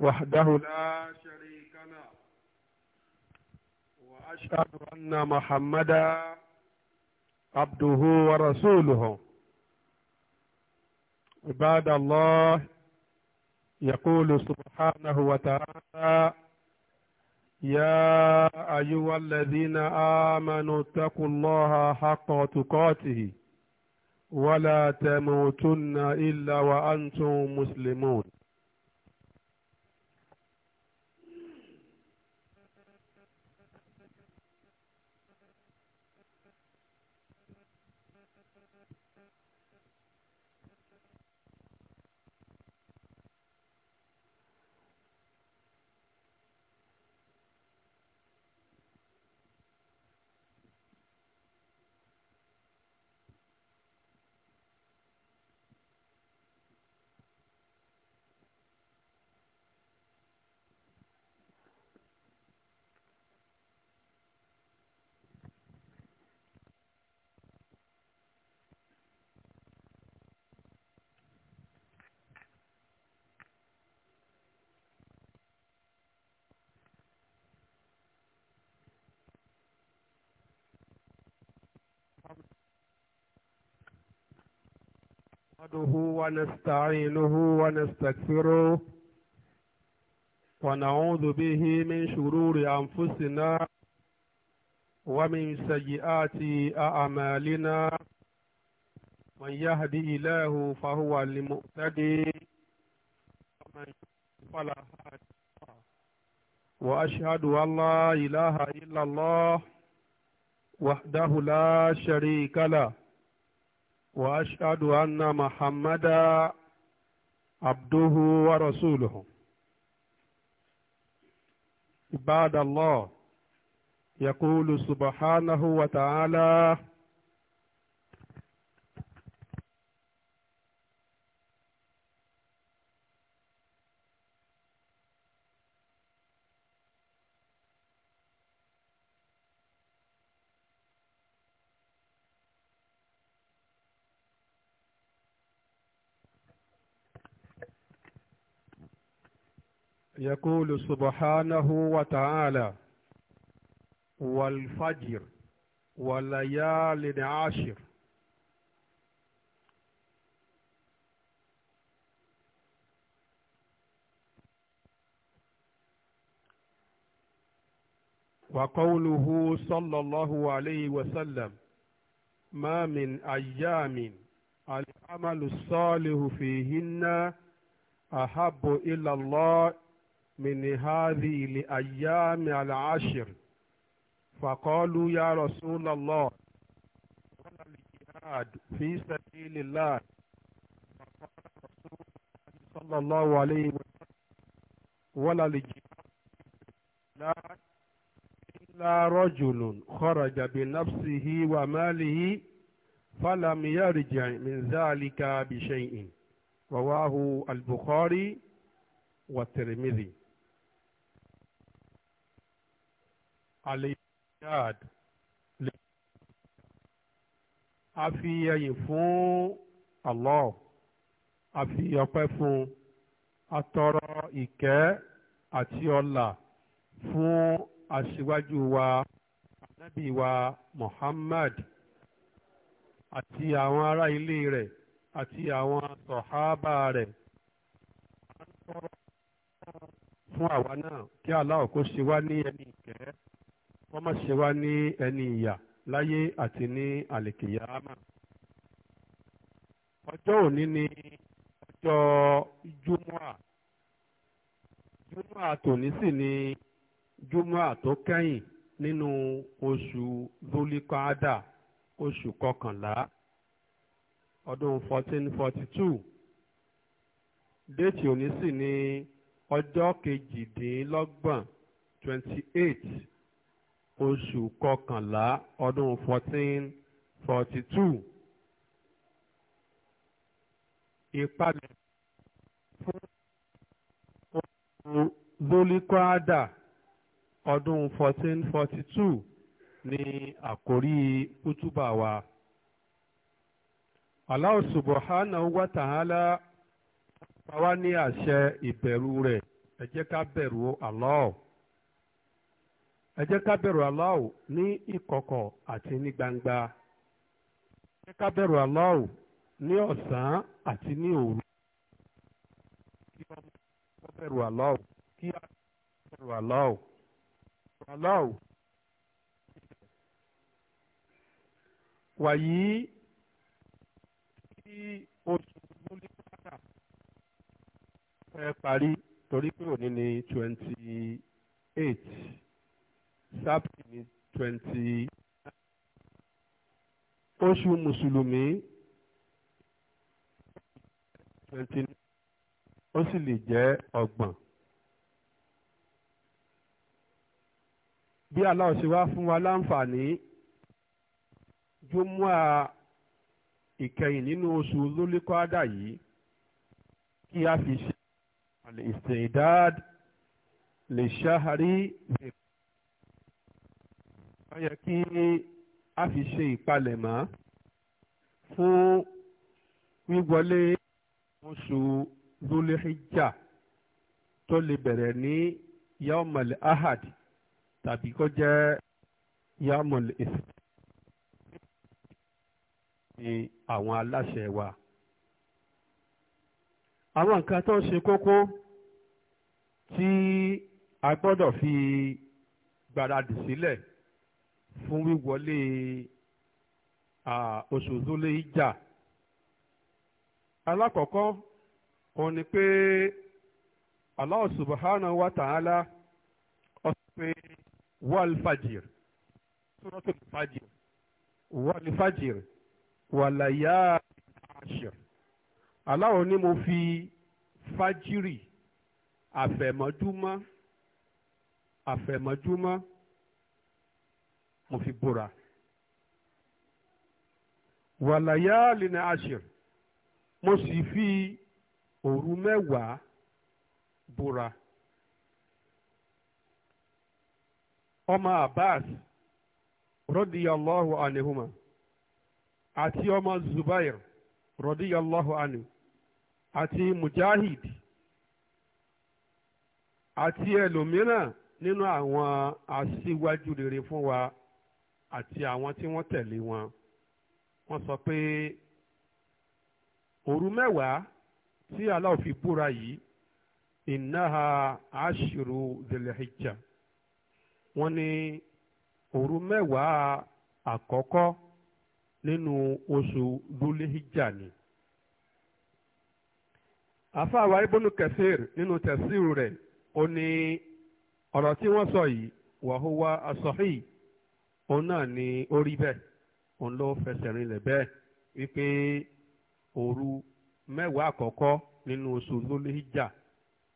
وحده لا شريك له وأشهد أن محمدا عبده ورسوله عباد الله يقول سبحانه وتعالى يا أيها الذين آمنوا اتقوا الله حق تقاته ولا تموتن إلا وأنتم مسلمون نحمده ونستعينه ونستغفره ونعوذ به من شرور أنفسنا ومن سيئات أعمالنا من يهدي إله فهو المؤتدي ومن فلا هادي وأشهد أن لا إله إلا الله وحده لا شريك له وأشهد أن محمدا عبده ورسوله عباد الله يقول سبحانه وتعالى يقول سبحانه وتعالى والفجر وليال عشر وقوله صلى الله عليه وسلم ما من أيام العمل الصالح فيهن أحب إلى الله من هذه الأيام العشر فقالوا يا رسول الله ولا الجهاد في سبيل الله فقال رسول الله صلى الله عليه وسلم ولا الجهاد لا إلا رجل خرج بنفسه وماله فلم يرجع من ذلك بشيء رواه البخاري والترمذي aleyad lè a fi ẹyìn fún Allah a fi ọpẹ́ fún atọrọ ìkẹ́ àti ọlà fún aṣíwájú wa ànábì wa Muhammad àti àwọn ará ilé rẹ̀ àti àwọn sọ̀hábà rẹ̀ fún àwa náà kí Allah kó ṣe wá ní ẹni ìkẹ́ wọ́n má ṣe wá ní ẹni ìyà láyé àti ní àlèkèyàmà ọjọ́ òní ni ọjọ́ júmọ́à júmọ́à tòní sì ni júmọ́à tó kẹ́yìn nínú oṣù zolikada oṣù kọkànlá ọdún fourteen forty two déètì òní sì ni ọjọ́ kejìdínlọ́gbọ̀n twenty eight. oṣù kọkànlá ọdún fourteen forty two ìpalẹ̀ fún oṣù zolikọ́ádà ọdún fourteen forty two ní àkórí kútúbà wa. Allah subhanahu wa ta'ala pa wá ní àṣẹ ìbẹ̀rù rẹ̀ ẹ jẹ́ ká bẹ̀rù Allah. ẹ jẹ́ ká bẹ̀rù Allah ní ìkọ̀kọ̀ àti ní gbangba ẹ jẹ́ ká bẹ̀rù Allah ní ọ̀sán àti ní òru kí wọ́n bẹ̀rù Allah kí wọ́n bẹ̀rù Allah Allah wàyí kí oṣù lólé pátá fẹ́ parí torí pé òní ni twenty eight sápì ní twenty oṣù mùsùlùmí twenty ó sì lè jẹ́ ọgbọ̀n. bí Allah ṣe wá fún wa láǹfààní júmọ́à ìkẹyìn nínú oṣù lólékọ́ádà yìí kí a fi ṣe al-isti'dad li shahri yẹ kí a fi ṣe ìpalẹ̀mọ́ fún wíwọlé oṣù lólehijjá tó lè bẹ̀rẹ̀ ní yaumul ahad tàbí kó jẹ́ yaumul isbt ní àwọn aláṣẹ wa àwọn nǹkan tó ń ṣe kókó tí a gbọ́dọ̀ fi gbáradì sílẹ̀. Si fún wíwọlé oṣù tó lé ìjà alákọ̀ọ́kọ́ òun ni pé Allah subhanahu wa ta'ala ó sọ pé wal fajr suratul fajr wal fajr wàlàyà àṣìr Allah ni mo fi fájírì àfẹ̀mọ́júmọ́ àfẹ̀mọ́júmọ́. mo fi búra wàlàyé àlìna àṣìr mo sì fi òru mẹ́wàá búra ọmọ abbas rọ́díyàlọ́hù àníhùmá àti ọmọ zubair rọ́díyàlọ́hù àní àti mujahid àti ẹlòmíràn nínú àwọn aṣíwájú rere fún wa àti àwọn tí wọ́n tẹ̀lé wọn wọ́n sọ pé òru mẹ́wàá tí Allah fi búra yìí ìnáha àṣírù zèlèhìjà wọ́n ní òru mẹ́wàá àkọ́kọ́ nínú oṣù dúléhìjà ni. àfáàwá ibùnú kẹsìr nínú tẹ̀síìrù rẹ̀ ó ní ọ̀rọ̀ tí wọ́n sọ yìí wàhúwa asọ̀hìn. òun náà ni ó rí bẹ́ẹ̀ òun ló fẹsẹ̀ rinlẹ̀ bẹ́ẹ̀ wípé òru mẹ́wàá àkọ́kọ́ nínú oṣù lólehíjà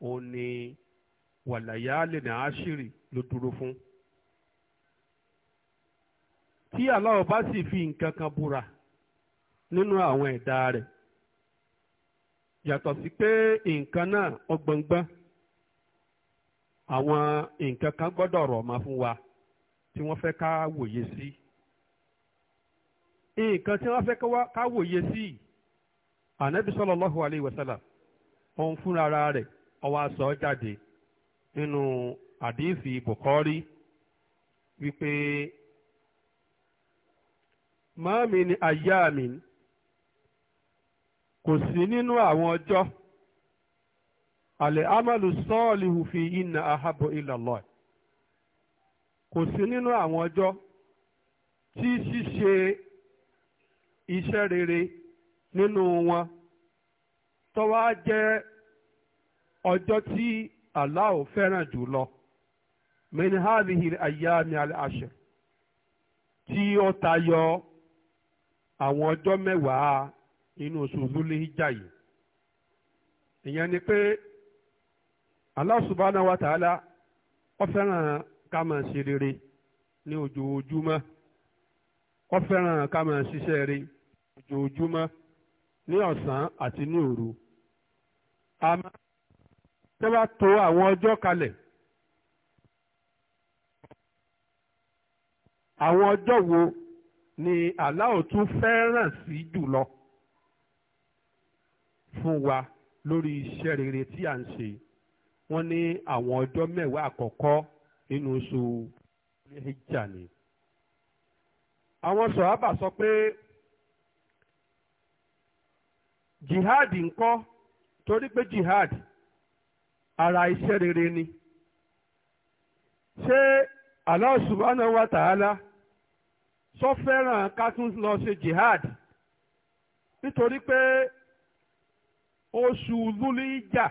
òun ni wàlàyáálè ní àṣírí ló dúró fún. tí Allah bá sì fi nǹkan kan búra nínú àwọn ẹ̀dá rẹ̀ yàtọ̀ sí pé nǹkan náà ọgbọ̀ngbọ́n àwọn nǹkan kan gbọ́dọ̀ rọ̀ ọ́ máa fún wa. tí wọ́n fẹ́ ká wòye sí nǹkan tí wọ́n fẹ́ ká wòye sí ànábì sallallahu alayhi wa sallam òun fúnra rẹ̀ ó wá jáde nínú àdíìsì Bukhari wípé mọ́mí ni àyá mi kò sí nínú àwọn ọjọ́ àlẹ́ amalu sọ́ọ̀lì hùfi iná ahabu ilallah kò sí nínú àwọn ọjọ́ tí ṣíṣe iṣẹ́ rere nínú wọn tó wá jẹ́ ọjọ́ tí Allah fẹ́ràn jù lọ min hadhihi al ashe al-ashr tí ó tayọ àwọn ọjọ́ mẹ́wàá nínú oṣù Dhul-Hijjah yìí ìyẹn ni pé Allah subhanahu wa ta'ala ó fẹ́ràn Kama máa ṣe rere ní ojoojúmọ́ ó fẹ́ràn ká máa ṣiṣẹ́ rere ojoojúmọ́ ní ọ̀sán àti ní òru àmọ́ tó bá to àwọn ọjọ́ kalẹ̀ àwọn ọjọ́ wo ni aláò tún fẹ́ràn sí jùlọ fún wa lórí iṣẹ́ rere tí à ń ṣe wọ́n ní àwọn ọjọ́ mẹ́wàá àkọ́kọ́ nínú oṣù hijja ni. àwọn sọ̀hábà sọ pé jihad ńkọ́ torí pé jihad ara iṣẹ́ rere ni. ṣé Allah subhanahu wa ta'ala sọ fẹ́ràn ká tún lọ ṣe jihad nítorí pé oṣù lúlí ìjà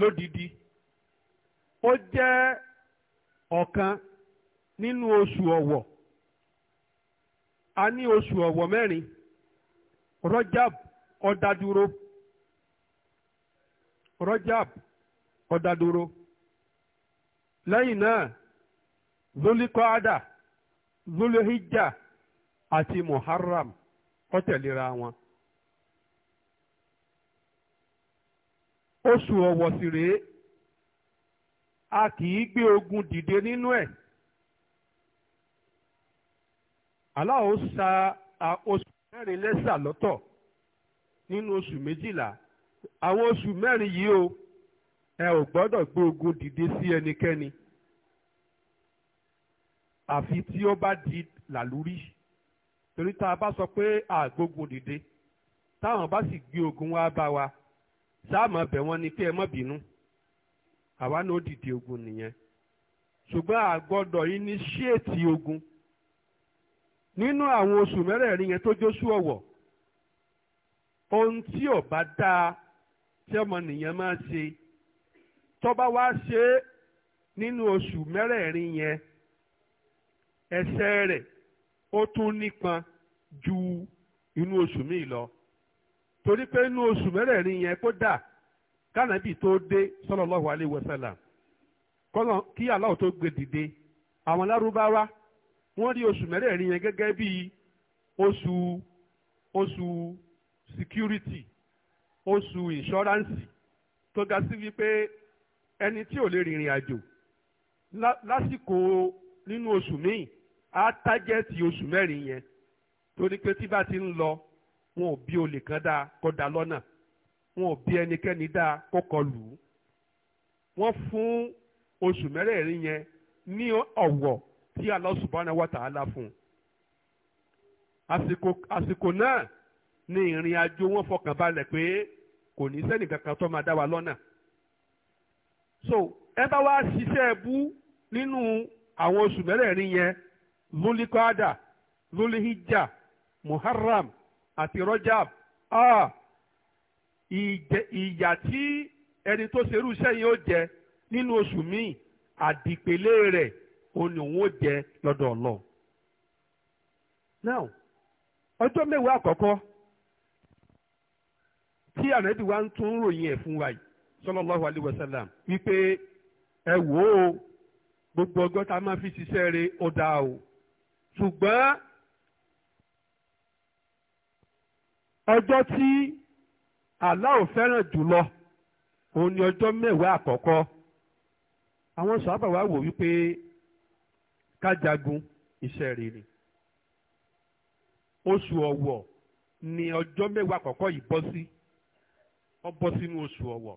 lódìdí. ó jẹ́ ọ̀kan nínú oṣù ọ̀wọ̀ a ní oṣù ọ̀wọ̀ mẹ́rin Rajab ọ̀dàdúró Rajab ọ̀dàdúró lẹ́yìn náà zolikọ́ádà zolohijjá àti Muharram ó tẹ̀léra wọn. oṣù ọ̀wọ̀ sì rèé a kì í gbé ogun dìde nínú ẹ̀ Allah ó sa oṣù mẹ́rin lẹ́sà lọ́tọ̀ nínú oṣù méjìlá àwọn oṣù mẹ́rin yìí o ẹ ò gbọ́dọ̀ gbé ogun dìde sí ẹnikẹ́ni àfi tí ó bá di làlúrí torí tá a bá sọ pé àgbógun dìde táwọn bá sì gbé ogun wá bá wa sáà mọ̀ bẹ̀ wọ́n ni pé ẹ má bínú àwa náà dìde ogun nìyẹn ṣùgbọ́n a gbọ́dọ̀ iníṣíètì ogun nínú àwọn oṣù mẹ́rẹ̀ẹ̀rin yẹn tó jóṣù ọ̀wọ̀ ohun tí ò bá dáa tí ọmọnìyàn máa ṣe tó bá wá ṣe é nínú oṣù mẹ́rẹ̀ẹ̀rin yẹn ẹ̀ṣẹ̀ rẹ̀ ó tún nípọn ju inú oṣù míì lọ torí pé inú oṣù mẹ́rẹ̀ẹ̀rin yẹn kódà kánàbì tó dé sallallahu alaihi wasallam kọ́nà kí Allah tó gbé dìde àwọn lárúbáwá wọ́n rí oṣù mẹ́rẹ̀ẹ̀rin yẹn gẹ́gẹ́ bí oṣù oṣù security oṣù insurance tó ga sí wípé ẹni tí ò lè rìnrìn àjò lásìkò nínú oṣù míì á tájẹ́tì oṣù mẹ́rin yẹn torí pé tí bá ti ń lọ wọn ò bí olè kan dá kọ́ da lọ́nà. wọn ò bí ẹnikẹ́ni dáa kó kọ lù ú wọ́n fún oṣù mẹ́rẹ̀ẹ̀rin yẹn ní ọ̀wọ̀ tí Allah subhanahu wa ta'ala fún un àsìkò àsìkò náà ní ìrìn àjò wọn fọkàn balẹ̀ pé kò ní sẹ́nìkankan tó máa dá wa lọ́nà so ẹ bá wá ṣiṣẹ́ bú nínú àwọn oṣù mẹ́rẹ̀ẹ̀rin yẹn lulikada ati muharram àti rojab ah ìyà tí ẹni tó ṣerú iṣẹ́ yìí ó jẹ nínú oṣù míì àdìpélé rẹ̀ òun ni òun ó jẹ lọ́dọ̀ ọlọ́run. now ọjọ́ mẹ́wàá àkọ́kọ́ tí ànábì wa ń tún ròyìn ẹ̀ fún wa yìí sallallahu alayhi wa sallam wípé ẹ wò ó gbogbo ọgọ́ tá a máa fi ṣiṣẹ́ rẹ̀ ó dáa o ṣùgbọ́n ọjọ́ tí. àlá ò fẹ́ràn jùlọ òun ni ọjọ́ mẹ́wàá àkọ́kọ́ àwọn sàábà wa wò wípé kájagun iṣẹ́ rere oṣù ọ̀wọ̀ ni ọjọ́ mẹ́wàá àkọ́kọ́ yìí bọ́ sí ọ bọ́ sínú oṣù ọ̀wọ̀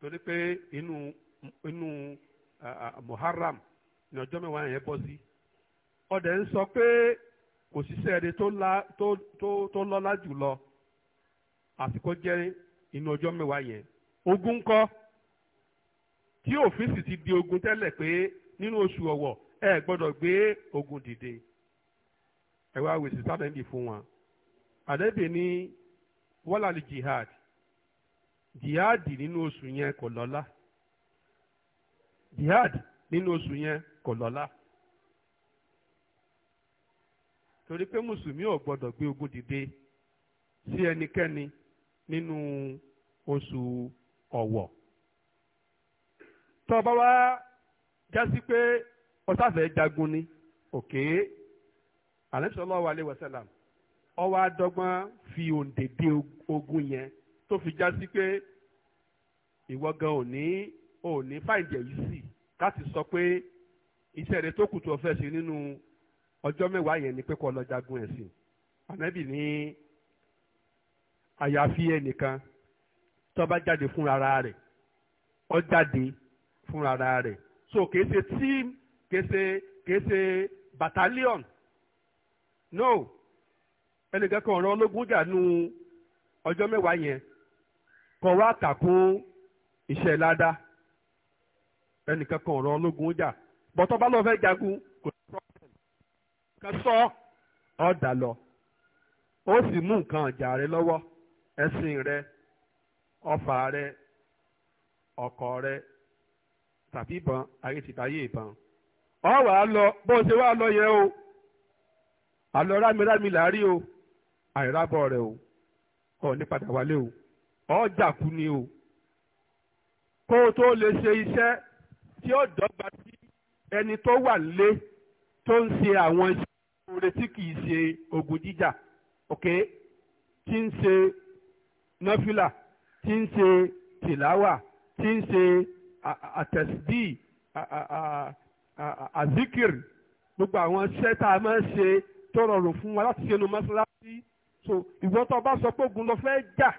torí pé inú inú Muharram ni ọjọ́ mẹ́wàá yẹn bọ́ sí ọdẹ ń sọ pé kò síṣẹ́ rere tó lọ́lá jùlọ. àsìkò jẹ́ inú ọjọ́ mẹ́wàá yẹn ogún kọ́ tí òfin sì ti di ogún tẹ́lẹ̀ pé nínú oṣù ọ̀wọ̀ ẹ gbọ́dọ̀ gbé ogún dìde ẹ wá wèsì sádẹ́ndì fún wọn àdẹ́bẹ̀ ní wọ́làlì jihad jihad nínú oṣù yẹn kò jihad nínú oṣù yẹn kò lọ́lá torí pé mùsùlùmí ò ogún dìde sí ẹnikẹ́ni nínú oṣù ọ̀wọ̀ tó bá wá jásí pé ọ̀sáfẹ́ jagun ni òkè àlẹ́sọ̀lọ́ wa lè wọ̀sẹ̀làm ọwọ́ adọ́gbọ́n fi òǹdè dé ogun yẹn tó fi jásí pé ìwọ gan ò ní ò ní fàìjẹ̀ yìí sì láti sọ pé iṣẹ́ rẹ tó kù tó fẹ́ ṣe nínú ọjọ́ mẹ́wàá yẹn ni pé kó lọ jagun ẹ̀sìn ànábì ní. àyàfi ẹnìkan tó bá jáde fúnra rẹ ọ jáde fúnra rẹ so kìí ṣe team kìí ṣe kìí ṣe battalion no ẹnìkan kan ọ̀rọ̀ ológun jà nù ọjọ́ mẹ́wàá yẹn kọ wá kà kún iṣẹ́ ládá ẹnìkan kan ọ̀rọ̀ ológun jà bọ́tọ́ bá lọ́ọ́ fẹ́ jagun kò sí problem kan ọ̀dà lọ ó sì mú nǹkan ọ̀jà rẹ lọ́wọ́. ẹ̀sìn rẹ ọfà rẹ ọkọ rẹ tàbí ìbọn ayé ti báyé ìbọn ọ wà á lọ bó ṣe wá lọ yẹn o àlọ rámirámi là á rí o àìrábọ rẹ o ọ ní padà wálé o ọ jàkú ni o kó o tó lè ṣe iṣẹ́ tí ó dọ́gba sí ẹni tó wà lé tó ń ṣe àwọn iṣẹ́ oore kì í ṣe ogun jíjà ok tí ń ṣe nọ́fìlà tí ń ṣe tìláwà tí ń ṣe àtẹ̀sídì àzíkìrì gbogbo àwọn iṣẹ́ tá a máa ń ṣe tó rọrùn fún wa láti ṣe nu mọ́ṣáláṣí so ìwọ́n tó bá sọ pé ogun lọ fẹ́ jà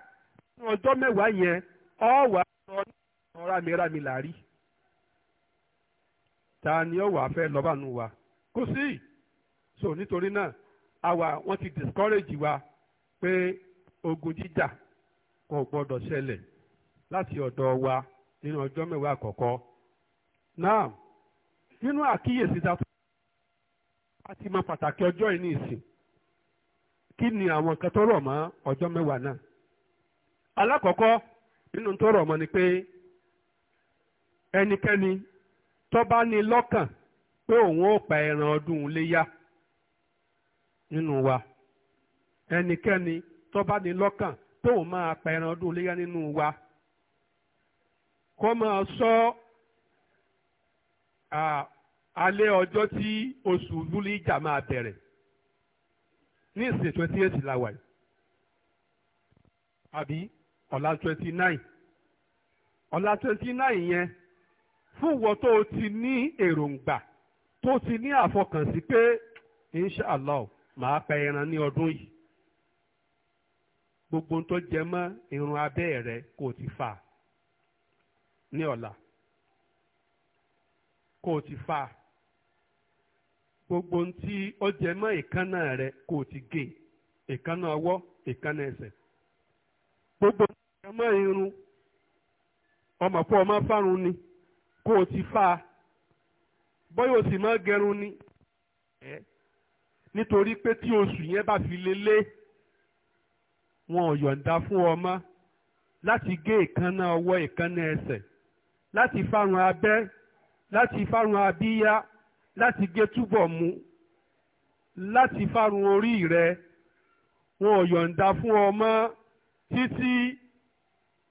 ní ọjọ́ mẹ́wàá yẹn ọ wà lọ ní ọ̀rá mi rá mi làárí ta ni ó wà fẹ́ lọ́ba nu wa kò sí so nítorí náà àwa wọ́n ti discourage wa pé ogun jíjà kò gbọ́dọ̀ ṣẹlẹ̀ láti ọ̀dọ̀ wa nínú ọjọ́ mẹ́wàá àkọ́kọ́ náà nínú àkíyèsí dátọ àti máa pàtàkì ọjọ́ kí ni àwọn kan tó rọ̀ mọ́ ọjọ́ mẹ́wàá náà alákọ̀ọ́kọ́ nínú ni pé ẹnikẹ́ni tó bá ní pa ẹran ọdún léyà nínú wa tóun máa pa ẹran ọdún iléyá nínú wa kó máa sọ alẹ́ ọjọ́ tí oṣù lúlí ìjà máa bẹ̀rẹ̀ ní ìsìn twenty eight la wà yìí àbí ọ̀la twenty nine ọ̀la twenty nine yẹn fún wọn tó o ti ní èròǹgbà tó o ti ní àfọkànsí pé inshallah màá pa ẹran ní ọdún yìí gbogbo tó jẹ mọ́ irun abẹ́ rẹ kó ti fà ní ọ̀la kó ti fà gbogbo tí ó jẹ mọ́ ìkánná rẹ kó ti gé ịkana ọwọ́ ìkánná ẹsẹ̀ gbogbo tó jẹ mọ́ irun ọmọ ọmọ fárun ni kó ti fà bóyá o sì gẹrun ni nítorí pé tí oṣù yẹn bá fi lélẹ̀. wọn ò yọ̀ǹda fún ọmọ láti gé ìkànnà ọwọ́ ìkànnà ẹsẹ̀ láti fárun abẹ́ láti fárun abíyá láti gé túbọ̀ mu láti fárun orí rẹ wọn ò yọ̀ǹda fún ọmọ títí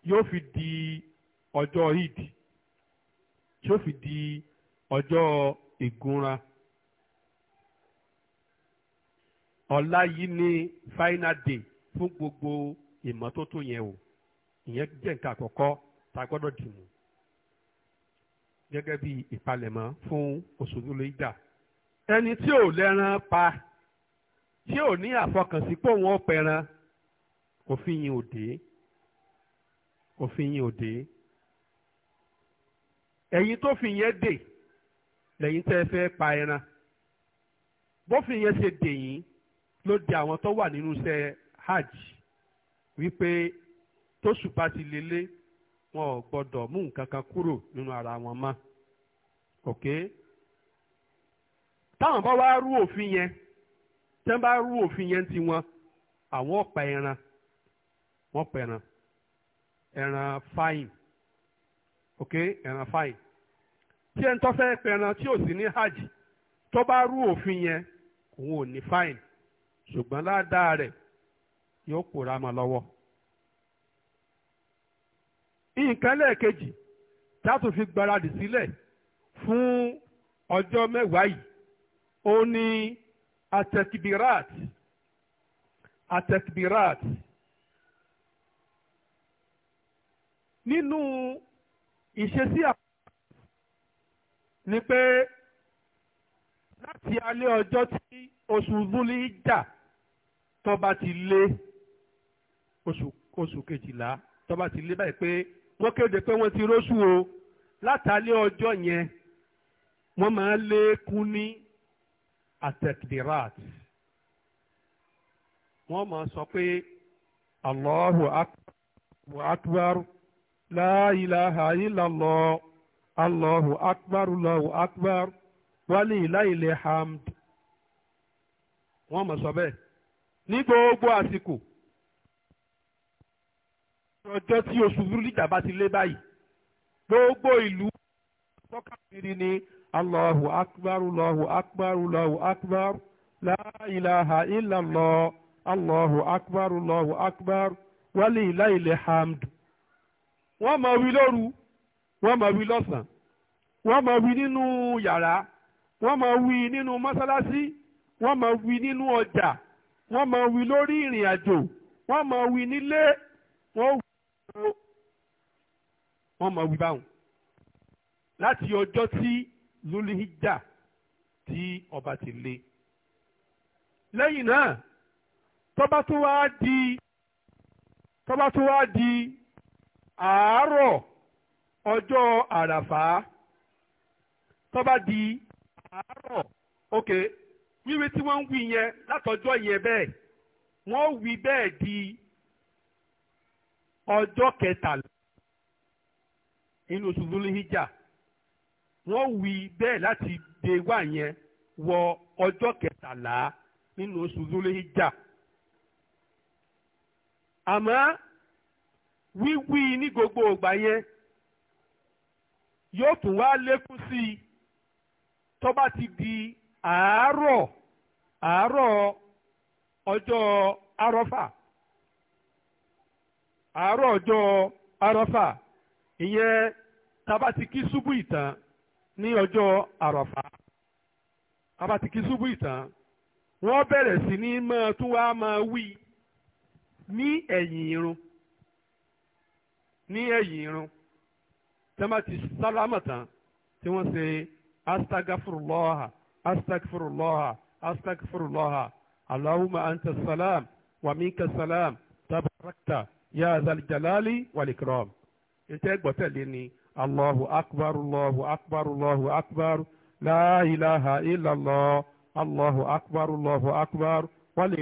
yóò fi di ọjọ́ ìdí yóò fi di ọjọ́ ìgúnra. ọ̀la yìí ni final day fún gbogbo ìmọ́tótó yẹn o ìyẹn jẹ́ nǹkan àkọ́kọ́ tá a gbọ́dọ̀ dìmú gẹ́gẹ́ bí ìpalẹ̀mọ́ fún oṣù lóríjà ẹni tí ò lẹ́ran pa tí ò ní àfọkànsí pé òun ò pẹran òfin yìí ò dé òfin yìí ò dé ẹ̀yin tó fi yẹn dè lẹ́yìn tẹ́ ẹ fẹ́ pa ẹran bófin yẹn ṣe dè yín ló di àwọn tó wà nínú iṣẹ́ hajj wípé tóṣù bá ti lélẹ̀ wọn ò gbọ́dọ̀ mú nǹkan kan kúrò nínú ara wọn mọ́ ok táwọn bá wá rú òfin yẹn tẹ́ bá rú òfin yẹn ti wọn àwọn ọ̀pá ẹran wọ́n pa ẹran ẹran fain ok ẹran fain. tí ẹni tó fẹ́ pẹran tí ò sí ní hajj tó bá rú òfin yẹn òun ò ní fain. ṣùgbọ́n ládàá rẹ̀ yóò pòórá mọ́ lọ́wọ́. nǹkan lẹ́ẹ̀kejì tátù fi gbaradì sílẹ̀ fún ọjọ́ mẹ́wàá yìí ó ní atẹkibirat atẹkibirat nínú ìṣesí àpò ni pé láti alẹ́ ọjọ́ tí oṣù zúlí jà tó ti lé. oṣù kejìlá tó ti lé báyìí pé wọ́n kéde pé wọ́n ti róṣù o látàlẹ́ ọjọ́ yẹn wọ́n máa lékún ní atekdirat wọ́n máa sọ pé allahu akbar la ilaha illallah akbar allahu akbar wálé hamd wọ́n máa sọ bẹ́ẹ̀ ní gbogbo àsìkò. ọjọ́ tí oṣù rúlíjà bá ti lé báyìí gbogbo ìlú sọ́kàkiri ni allahu akbar allahu akbar allahu akbar la ilaha illallah allahu akbar allahu akbar wálé ìláìlẹ̀ hamd wọ́n máa wí lóru wọ́n máa wí lọ́sàn-án wọ́n máa wí nínú yàrá wọ́n máa wí nínú mọ́sálásí wọ́n máa wí nínú ọjà wọ́n máa wí lórí ìrìn àjò wọ́n máa wí nílé wọ́n wí wọ́n mọ̀ wí báwọn láti ọjọ́ tí lulihijja tí ọba ti lé lẹ́yìn náà tọ́ba tó wá di tọ́ba tó wá di àárọ̀ ọjọ́ àràfà tọ́ba di àárọ̀ òkè wíwí tí wọ́n ń wí yẹn látọjọ́ yẹn bẹ́ẹ̀ wọ́n wí bẹ́ẹ̀ di. ọjọ́ kẹtàlá inú oṣù lóníhíjà wọ́n wí bẹ́ẹ̀ láti dé yẹn wọ ọjọ́ kẹtàlá nínú oṣù lóníhíjà àmọ́ wíwí ní gbogbo ìgbà yẹn yóò tún wá lékún sí i tó bá ti di àárọ̀ àárọ̀ ọjọ́ arọ́fà. àárọ̀ ọjọ́ arọ́fà ìyẹn tabatiki ṣubú ìtàn ní ọjọ́ àrọ̀fà tabatiki ṣubú ìtàn wọ́n bẹ̀rẹ̀ sí ní máa tún wá máa wí ní ẹ̀yìn irun ní ẹ̀yìn irun ti tí wọ́n ṣe astagfirullah astagfirullah salam wa salam tabarakta. ya zal jalali wal ikram ni allahu akbar allahu akbar allahu akbar la ilaha illallah allahu akbar allahu akbar wal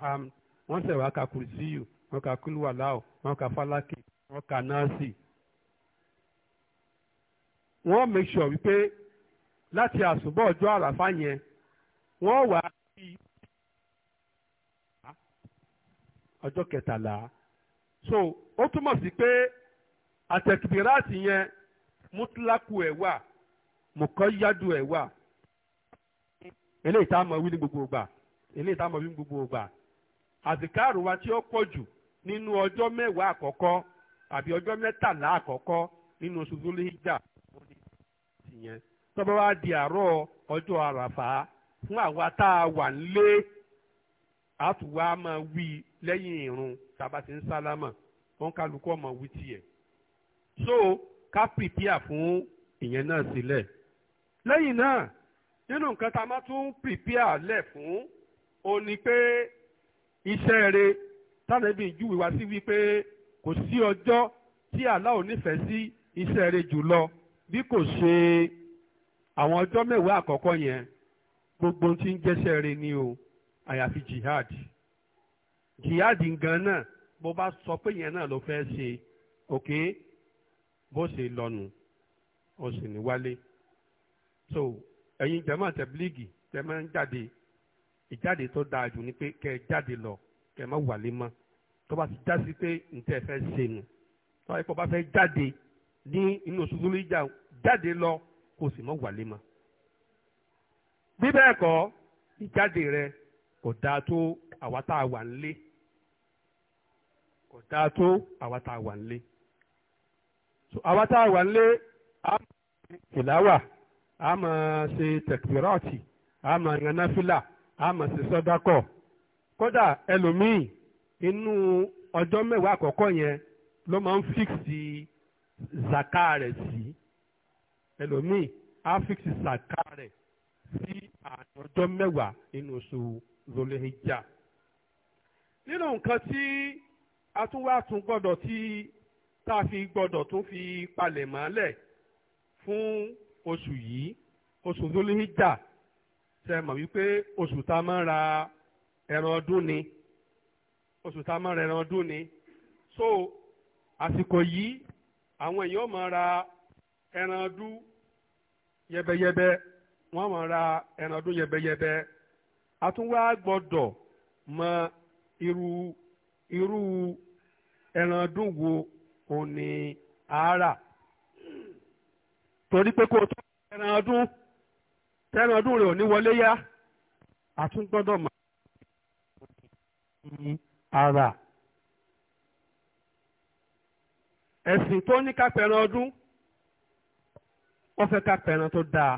ham wọ́n sẹ̀ ka kùrìsíyù wọ́n ka kúlúwàláwò wọ́n ka falaki wọn ka nansi wọ́n make sure wípé láti àsùbọ̀ ọjọ́ àràfá yẹn wọ́n wà á bí ọjọ́ kẹtàlá so ó túmọ̀ sí pé àtẹ̀kìbíráàtì yẹn mútílákù ẹ̀ wà mùkọ́yádù ẹ̀ wà eléyìí tá a mọ̀ gbogbo ìgbà eléyìí tá a mọ̀ gbogbo wa tí ó pọ̀ jù nínú ọjọ́ mẹ́wàá àkọ́kọ́ àbí ọjọ́ mẹ́tàlá àkọ́kọ́ nínú oṣù tó lè jà tìyẹn tọ́ba wa fún àwa tá a wà ń lé àtúwá tàbá ti ń sálámà wọn kálukú ọmọ wí tiẹ̀ so ká prepare fún ìyẹn náà sílẹ̀ lẹ́yìn náà nínú nǹkan tá a máa tún prepare lẹ̀ fún ó ní pé iṣẹ́ rẹ tánàbí ìjúwe wá sí wípé kò sí ọjọ́ tí Allah ò sí iṣẹ́ rẹ jùlọ bí kò ṣe àwọn ọjọ́ mẹ́wàá àkọ́kọ́ yẹn gbogbo tí ń jẹ́ṣẹ́ rẹ ni o àyàfi jihad jihadi gan náà bó bá sọ pé yẹn náà ló fẹ́ ṣe òkè bó ṣe lọ́nu ó sì ní wálé so ẹ̀yin jama tẹ̀blígì tẹ máa ń jáde ìjáde tó dáa jù ni pé kẹ ẹ jáde lọ kẹ ẹ má wálé mọ́ tó bá ti já sí pé ntẹ fẹ́ ṣe nù tó ẹ kó bá fẹ́ jáde ní inú oṣù tó lè jà jáde lọ kó sì má wálé mọ́ bí bẹ́ẹ̀ kọ́ ìjáde rẹ kò dáa tó àwa tá a wà ń lé kò dáa tó àwa tá a wà nílé so àwa tá a wà nílé a máa ṣe tìláwà a máa ṣe tẹkpirọọtì a máa yan náfìlà a máa ṣe sọdákọ kódà ẹlòmíì inú ọjọ́ mẹ́wàá àkọ́kọ́ yẹn ló máa ń fíksì zaka rẹ̀ sí ẹlòmíì á fíksì zaka rẹ̀ sí àárín ọjọ́ mẹ́wàá nínú oṣù Zolehijja nínú nǹkan tí. a gbọdọ wá tún gbọ́dọ̀ tí tá a fi gbọ́dọ̀ tún fi palẹ̀ mọ́lẹ̀ fún oṣù yìí oṣù Dhul-Hijja ṣe mọ̀ wípé oṣù tá a máa ra ẹran ọdún ni oṣù tá a máa ra ẹran ọdún ni so àsìkò yìí àwọn èèyàn máa ra ẹran ọdún yẹbẹyẹbẹ wọ́n máa ra ẹran ọdún yẹbẹyẹbẹ a tún mọ irú irú ẹran dùn wo òun ni àárà torí pé kó o tó ẹran ọdún tẹ́ran ọdún rẹ̀ ò ní wọlé yá àtúngbọ́dọ̀ mọ̀ ara ẹ̀sìn tó ní ká pẹ̀ran ọdún wọ́n fẹ́ ká pẹ̀ran tó dáa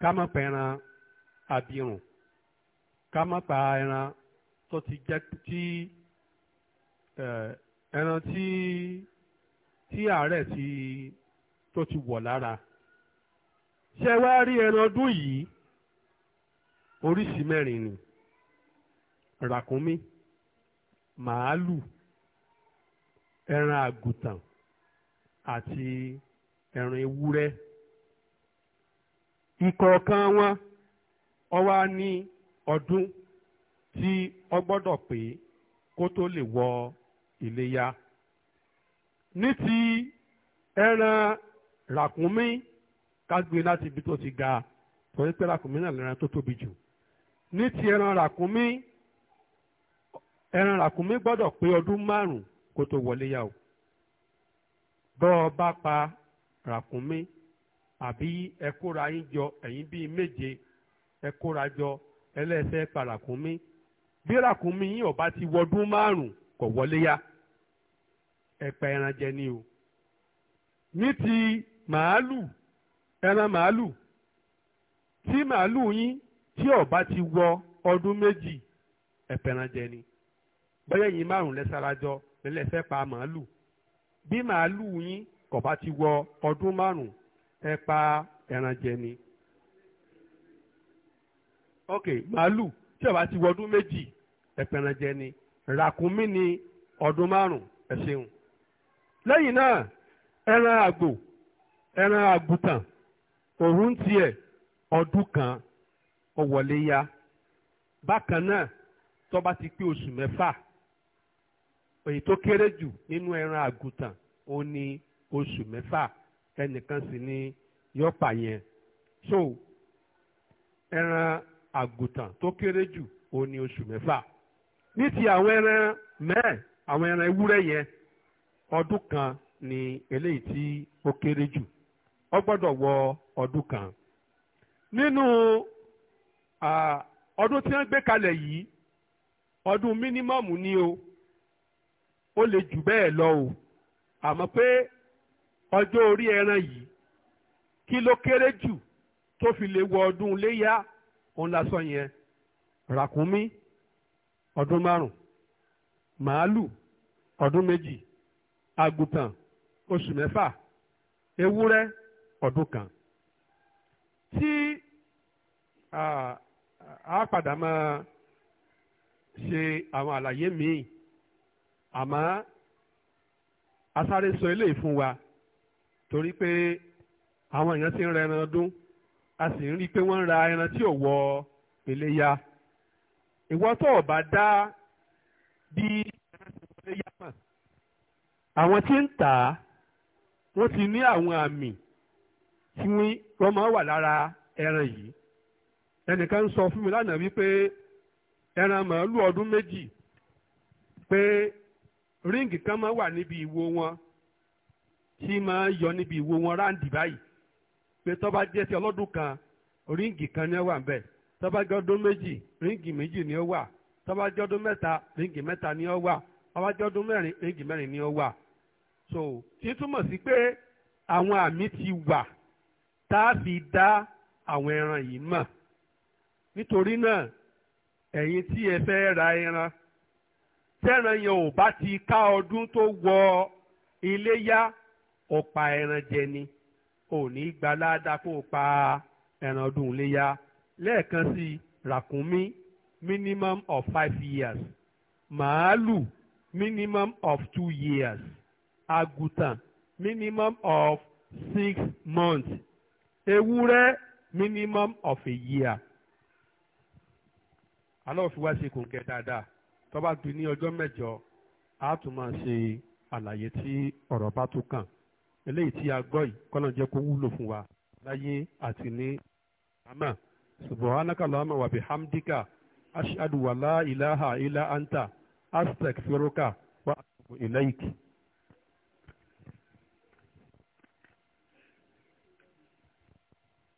ká má pẹ̀ran àbírùn ká má pa ẹran tó ti jẹ́ tí. Eh, ẹran tí tí àárẹ̀ ti tó ti wọ̀ lára ṣé wá rí ẹran ọdún yìí oríṣìí mẹ́rin ni ràkúnmí màálù ẹran àgùntàn àti ẹran ewúrẹ́ ìkọ̀ọ̀kan wọn ó ní ọdún tí ó pé kó tó lè wọ iléyá ní ti ẹran ràkúnmí ká gbé e láti ibi tó ti ga torí pé ràkúnmí náà lẹ́ran tó tóbi jù ní ti ẹran ràkúnmí ẹran ràkúnmí gbọ́dọ̀ pé ọdún márùn-ún kó tó wọlé yá o bọ́ ọ bá pa ràkúnmí àbí ẹ yín jọ ẹ̀yin bíi méje ẹ jọ ẹlẹ́sẹ̀ pa ràkúnmí bí ràkúnmí yín ò ti wọdún márùn-ún kò wọlé yá ẹ̀pà ẹran jẹ ni o ní ti màálù ẹran màálù tí màálù yín tí ó bá ti wọ ọdún méjì ẹ̀pà ẹran jẹ ni bóyá yín márùn lẹ́sàrájọ lẹ́lẹ́fẹ́ pa màálù bí màálù yín kò bá ti wọ ọdún márùn ẹ pa ẹran jẹ ni ok màálù tí ó ti wọ ọdún méjì ẹ̀pà ẹran jẹ ràkúnmí ni ọdún márùn ẹ ṣeun lẹ́yìn náà ẹran àgbò ẹran àgùntàn òun tiẹ̀ ọdún kan ọ̀wọ̀léyà bákan náà tó bá ti pé oṣù mẹ́fà èyí tó kéré jù nínú ẹran àgùntàn ó ní oṣù mẹ́fà ẹnìkan sì ní yọ́pà yẹn so ẹran àgùntàn tó kéré jù ó ní oṣù mẹ́fà ní ti àwọn ẹran mẹ́ẹ̀ àwọn ẹran ewúrẹ́ yẹn ọdún kan ni eléyìí tí ó kéré jù ọ gbọdọ wọ ọdún kan nínú ọdún tí wọ́n gbé kalẹ̀ yìí ọdún mínímọ̀mù ni o ó lè jù bẹ́ẹ̀ lọ o àmọ́ pé ọjọ́ orí ẹran yìí kí ló kéré jù tó fi lè wọ ọdún léyà òun la sọ yẹn ràkúnmí ọdún márùn ọdún méjì àgùntàn oṣù mẹ́fà ewúrẹ́ ọdún kan tí a padà máa ṣe àwọn àlàyé míì àmọ́ asáré sọ eléyìí fún wa torí pé àwọn èèyàn ti ń ra ẹran ọdún a sì ń rí i pé wọ́n ń ra ẹran tí ò wọ iléyá ìwọ tó o dá bíi àwọn tí ń tà á wọ́n ti ní àwọn àmì tí wọ́n máa wà lára ẹran yìí ẹnìkan sọ fún mi lánàá wípé ẹran màálù ọdún méjì pé ríǹgì kan máa wà níbi ìwo wọn tí máa yọ níbi ìwo wọn ráǹdì báyìí pé tó bá jẹ́ ti ọlọ́dún kan ríǹgì kan ni ó wà ń tó bá jẹ́ ọdún méjì ríǹgì méjì ni ó wà tó bá jẹ́ ọdún mẹ́ta ríǹgì mẹ́ta ni ó wà tó bá jẹ́ ọdún mẹ́rin ríǹgì mẹ́rin ni ó wà so tí túmọ̀ sí pé àwọn àmì ti wà tá a fi dá àwọn ẹran yìí mọ̀ nítorí náà ẹ̀yin tí ẹ fẹ́ ra ẹran tẹ́ran yẹn ò bá ti ká ọdún tó wọ iléyá ọ̀pá ẹran jẹ ni ò ní gba ládàá kó o pa ẹran ọdún iléyá lẹ́ẹ̀kan sí ràkúnmí minimum of five years màálù minimum of two years àgùtàn minimum of six months ewúrẹ́ minimum of a year. aláwòfin wá sí kòǹkẹ́ dáadáa tó bá di ní ọjọ́ mẹ́jọ a tún máa ṣe àlàyé tí ọ̀rọ̀ bá tún kàn eléyìí tí a gbọ́ yìí kọ́nà jẹ́ kó wúlò fún wa láyé àti ní àmà subhanaka allahumma wa bihamdika ashhadu wa la ilaha illa anta astaghfiruka wa atubu ilayk.